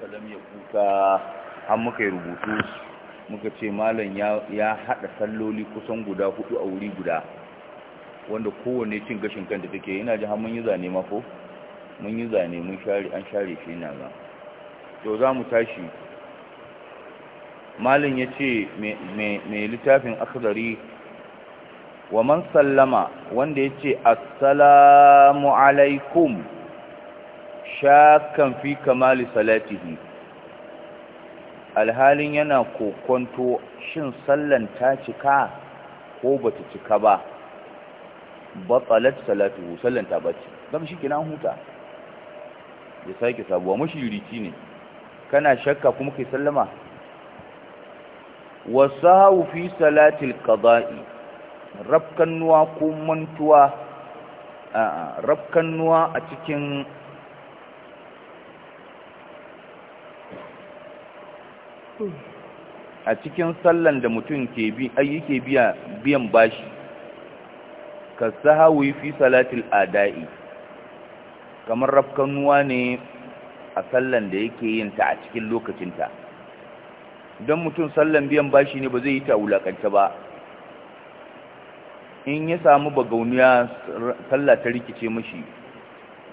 salam ya kuka an muka yi rubutu muka ce malam ya haɗa salloli kusan guda hudu a wuri guda wanda kowane cin gashin kanta take yana ji har mun yi zane mako mun yi zane mun share an share shi yana ga to za mu tashi malam ya ce mai littafin akhdari wa man sallama wanda ya ce assalamu alaikum shakkan fi kamali salatihi alhalin yana kokonto shin sallan ta cika ko bata cika ba batsalat salatuhu sallan ta bace dan shi kina huta ya sake sabuwa mushriki ne kana shakka kuma kai sallama Wasu fi salatil qada'i rabkannuwa ko mantuwa a rabkannuwa a cikin a cikin sallan da mutum ke bi ayyuke biya biyan bashi ka sahawi fi salatil ada'i kamar rafkanuwa ne a sallan da yake yin ta a cikin lokacinta don mutum sallan biyan bashi ne ba zai yi ta wulakanta ba in ya samu bagauniya sallah ta rikice mashi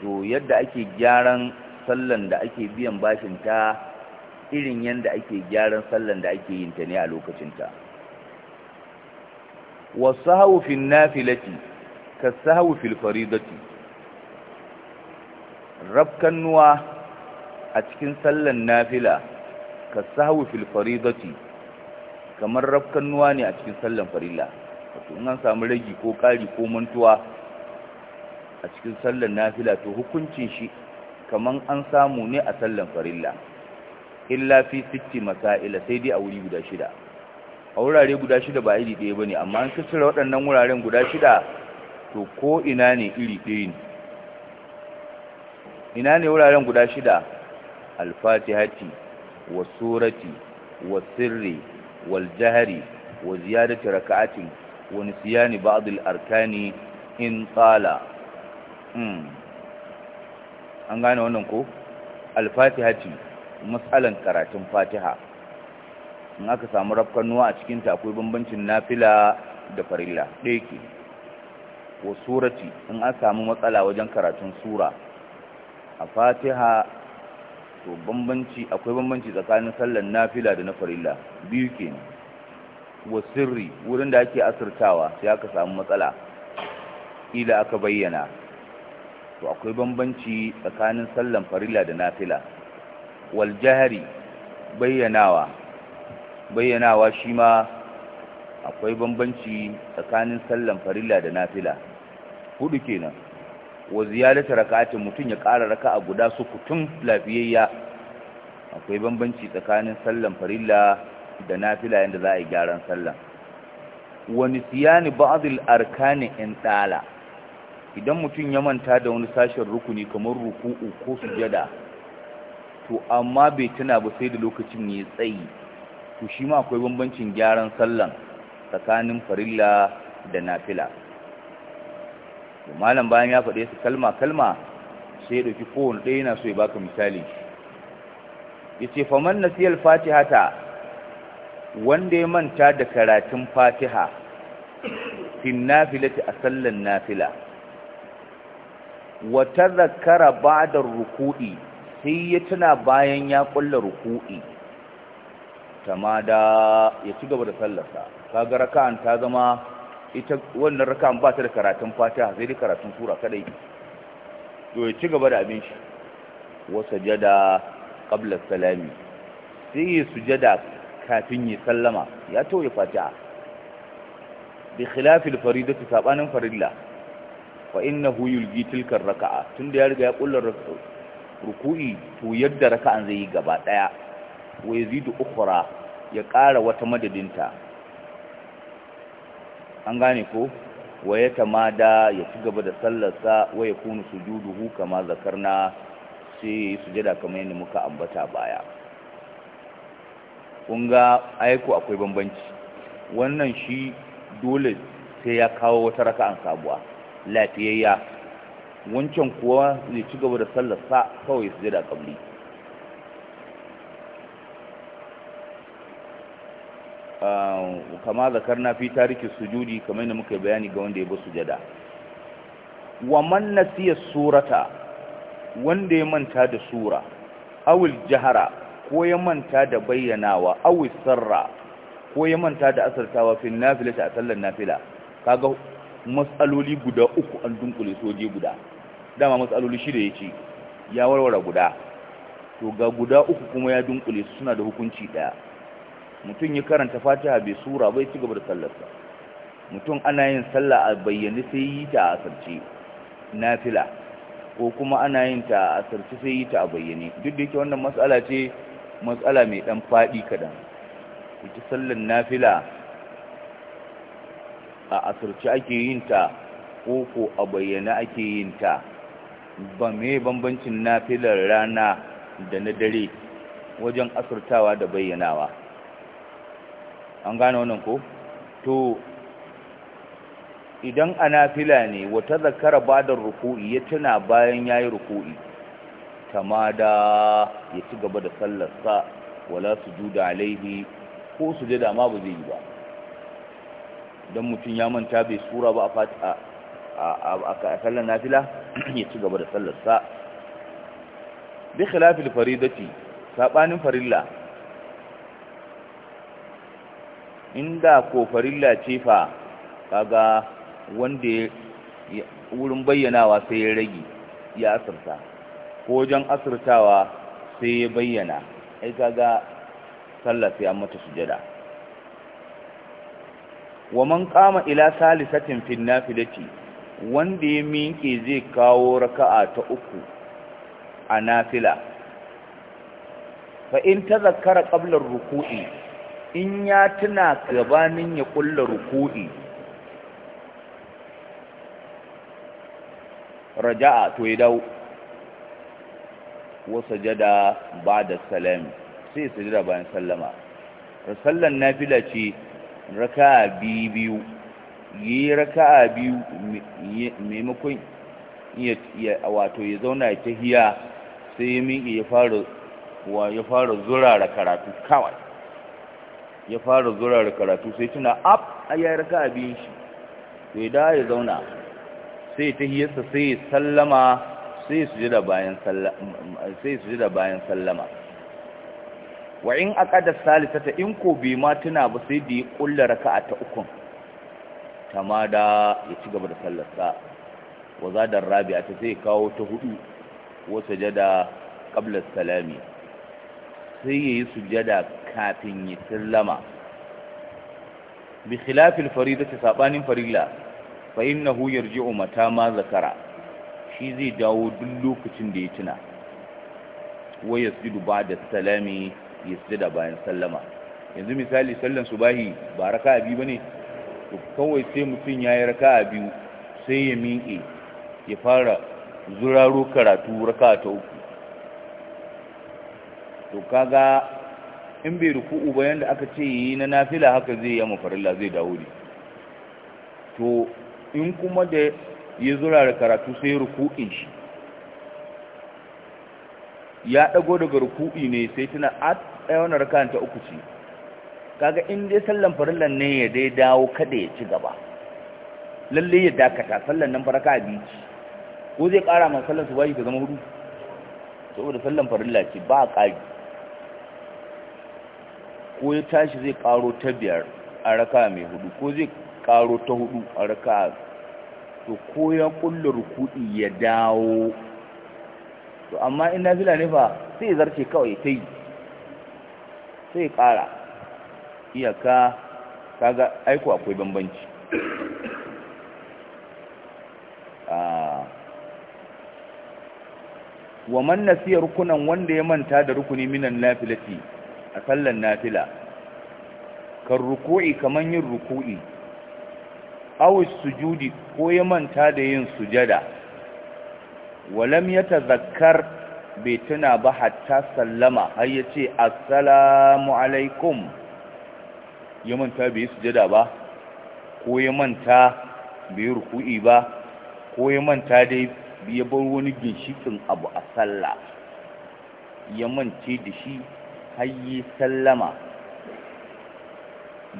to yadda ake gyaran sallan da ake biyan bashin ta irin yadda ake gyaran sallan da ake yin ta ne a lokacinta wasu hau fi nafilati ka sahu fil faridati rabkannuwa a cikin sallan nafila ka sahu fil faridati kamar rabkannuwa ne a cikin sallan farilla wato in an samu ragi ko ƙari ko mantuwa a cikin sallan nafila to hukuncin shi kaman an samu ne a sallan farilla illa fi sitti masaila sai dai a wuri guda shida a wurare guda shida ba iri ɗaya bane amma an kassara waɗannan wuraren guda shida to ko ina ne iri ɗaya ne ina ne wuraren guda shida alfatihati wa surati wa sirri wal Jahari wa ziyadati raka'atin wa nisyani ba'd al arkani in tsala hmm. an gane wannan ko alfatihati matsalan karatun fatiha in aka samu rafkanuwa a cikinta akwai bambancin nafila da farilla ɗaya ke ko surati in aka samu matsala wajen karatun sura a fatiha to bambanci akwai bambanci tsakanin sallan nafila da na farilla biyu ke wa sirri wurin da ake asirtawa sai aka samu matsala ila aka bayyana to akwai bambanci tsakanin sallan farilla da nafila wal bayyanawa bayyanawa shi ma akwai bambanci tsakanin sallan farilla da nafila hudu kenan wa ziyadata raka'atin mutum ya ƙara raka'a guda su kutum lafiyayya akwai bambanci tsakanin sallan farilla da nafila yanda za a yi gyaran sallan wa nisyani ba'dil arkani in dala idan mutum ya manta da wani sashen rukuni kamar ruku'u ko sujada to amma bai tuna ba sai da lokacin ya tsayi to shi ma akwai bambancin gyaran sallan tsakanin farilla da nafila malam bayan ya faɗe su kalma kalma sai ya ɗauki kowane ɗaya yana so ya baka misali ya ce faman nasiyar fatiha ta wanda ya manta da karatun fatiha fin nafilati a sallan nafila wata zakara ba da rukudi sai ya tuna bayan ya kulla ruku'i tamada ya ci gaba da sallarsa kaga raka'an ta zama ita wannan raka'an ba ta da karatun fatiha sai da karatun sura kadai to ya ci gaba da abin shi wa sajada qabla salami sai ya sujada kafin ya sallama ya ya fatiha bi khilafi al-faridati sabanin faridla fa innahu yulji tilka raka'a tunda ya riga ya kullar raka'a ruku'i to yadda raka'an zai yi gaba daya wa yazidu ukhra ya ƙara wata madadinta an gane ko wa ya tamada ya ci gaba da sallarsa wa ya kunu sujuduhu kama zakarna sai ya yi sujada kamar yadda muka ambata baya kun ga aiko akwai bambanci wannan shi dole sai ya kawo wata raka'an sabuwa lafiyayya wancan kuwa zai ci gaba da sallar sa kawai su jira kabli ah, kama da karna fi tarikin sujudi kamar yadda muka bayani ga wanda ya bi sujada wa man nasiya surata wanda ya manta da sura awul jahara ko ya manta da bayyanawa awul sarra ko ya manta da asartawa fi nafila ta sallar nafila kaga matsaloli guda uku an dunkule soje guda dama matsaloli shida ya ce ya warware guda to ga guda uku kuma ya dunkule su suna da hukunci ɗaya mutum ya karanta fatiha bai sura bai ci gaba da sallarsa mutum ana yin sallah a bayyane sai yi ta a na nafila ko kuma ana yin ta a sai yi ta a bayyane duk da yake wannan matsala ce matsala mai dan faɗi kaɗan ita sallar nafila a asarci ake yin ta ko ko a bayyane ake yin ta ba me bambancin nafilar rana da na dare wajen asurtawa da bayyanawa an gano wannan ko to idan a nafila ne wata zakara ba da ruku'i ya tuna bayan ya yi ruku'i da ya ci gaba da sallarsa wala su da alaihi ko su jada ma ba zai yi ba don mutum ya manta bai sura ba a kallon nafila ya ci gaba da sallarsa bi khilafil faridati sabanin farilla inda ko farilla ce fa kaga wanda wurin bayyanawa sai ya rage ya asirta ko wajen asirtawa sai ya bayyana ai kaga sallah sai an mata sujada wa man qama ila salisatin fil nafilati wanda ya minke zai kawo raka'a ta uku a nafila fa in ta zakara ƙablar ruku'i in ya tuna gabanin ya ƙulla ruku'i raja'a to ya dau, wasa jada ba da sai sajada bayan sallama rasallan nafila ce raka'a biyu biyu yi a biyu maimakon wato ya zauna ya tahiya sai ya miƙe ya fara wa da zurara karatu kawai ya fara zurara karatu sai tuna ab a ya a biyun shi sai da ya zauna sai ta hiyarsa sai ya sallama sai su ji da bayan sai su ji da bayan sallama wa in aqada salisata in ko bai ma tuna ba sai da ya raka a ta ukun tamada ya ci gaba da sallarsa wa zadar rabi'a ta zai kawo ta hudu wa sujada qabla salami sai yayi sujada kafin ya sallama bi ta saɓanin sabanin farilla fa innahu yarji'u mata ma zakara shi zai dawo duk lokacin da ya tuna wa yasjudu ba'da salami yasjuda bayan sallama yanzu misali sallan subahi ba abi biyu bane to kawai sai mutum ya yi raka a biyu sai ya miƙe ya fara zuraro karatu raka ta uku to kaga in bai ruku'u ba yadda aka ce yi na nafila haka zai yi farilla zai dawo ne to in kuma da ya zurara karatu sai ya ruku'in shi ya ɗago daga ruku'i ne sai tana a ɗaya wani raka ta uku ce kaga in dai sallan farillan ne ya dai dawo kada ya ci gaba lalle ya dakata sallan nan baraka a biyu ko zai kara ma sallan su bayi ta zama hudu saboda sallan farilla ce ba kari ko ya tashi zai karo ta biyar a raka mai hudu ko zai karo ta hudu a raka to ko ya kulla rukudi ya dawo to amma in nafila ne fa sai zarce kawai ta yi sai kara. iyaka kaga aiko akwai bambanci ah, wa man nasiya rukunan wanda ya manta da rukuni minan nafilati a sallan nafila kan ruku'i kaman yin ruku'i aw sujudi ko ya manta da yin sujada walam yatazakkar bai tuna ba hatta sallama har yace assalamu alaikum ya manta bai sujada ba ko ya manta bai ruku'i ba ko ya manta dai ya bar wani ginshikin abu a sallah ya mance da shi har sallama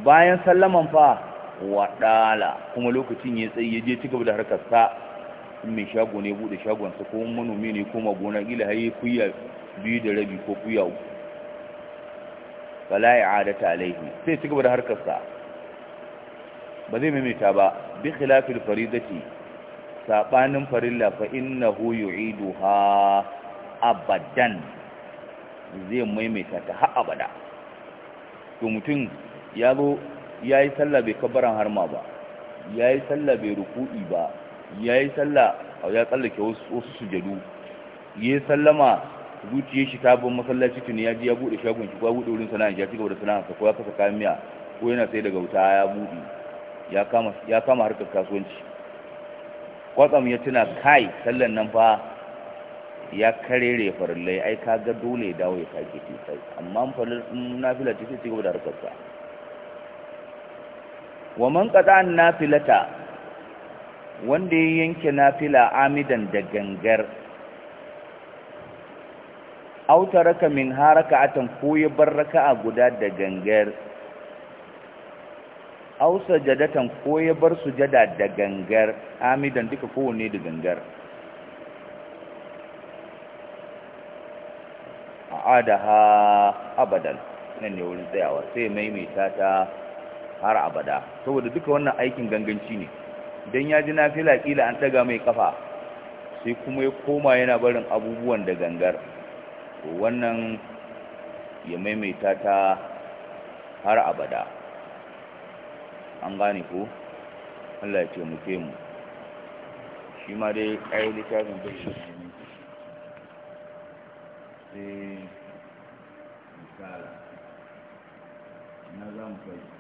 bayan sallaman fa waɗala kuma lokacin ya tsaye ya je ci gaba da harkar sa mai shago ne bude shagonsa ko manomi ne koma gona Ila har kuya biyu da rabi ko kuya fala ta alayhi sai cigaba da harkarsa. sa ba zai maimaita ba bi Saɓanin faridati sabanin farilla fa innahu yu'iduha abadan zai maimaita ta har abada to mutum ya zo yayi sallah bai kabbaran harma ba yayi sallah bai ruku'i ba yayi sallah ya tsallake wasu sujadu yayi sallama zuciye shi ta bin masallaci tuni ya ji ya bude shagon shi ko ya bude wurin sana'a ya ci gaba da sana'a ko ya kasa kayan miya ko yana sai daga gauta ya bude ya kama ya kama harkar kasuwanci kwatsam ya tuna kai sallan nan fa ya karere farallai ai ka ga dole ya dawo ya sake ci sai amma farin nafila ce sai ci gaba da harkar sa wa man qata nafilata wanda ya yanke nafila amidan da gangar auta raka min haraka atan ko ya bar raka'a guda da gangar au sajadatan ko ya bar sujada da gangar amidan duka kowanne da gangar adaha abadan nan ne wurin tsayawa sai maimaita ta har abada saboda duka wannan aikin ganganci ne don ya ji na fila kila an ɗaga mai kafa sai kuma ya koma yana barin abubuwan da gangar to wannan ya maimaita ta har abada an gane ko Allah ya ce mu shi ma dai ƙayi littafin bai shi sai eh, misali na za mu kai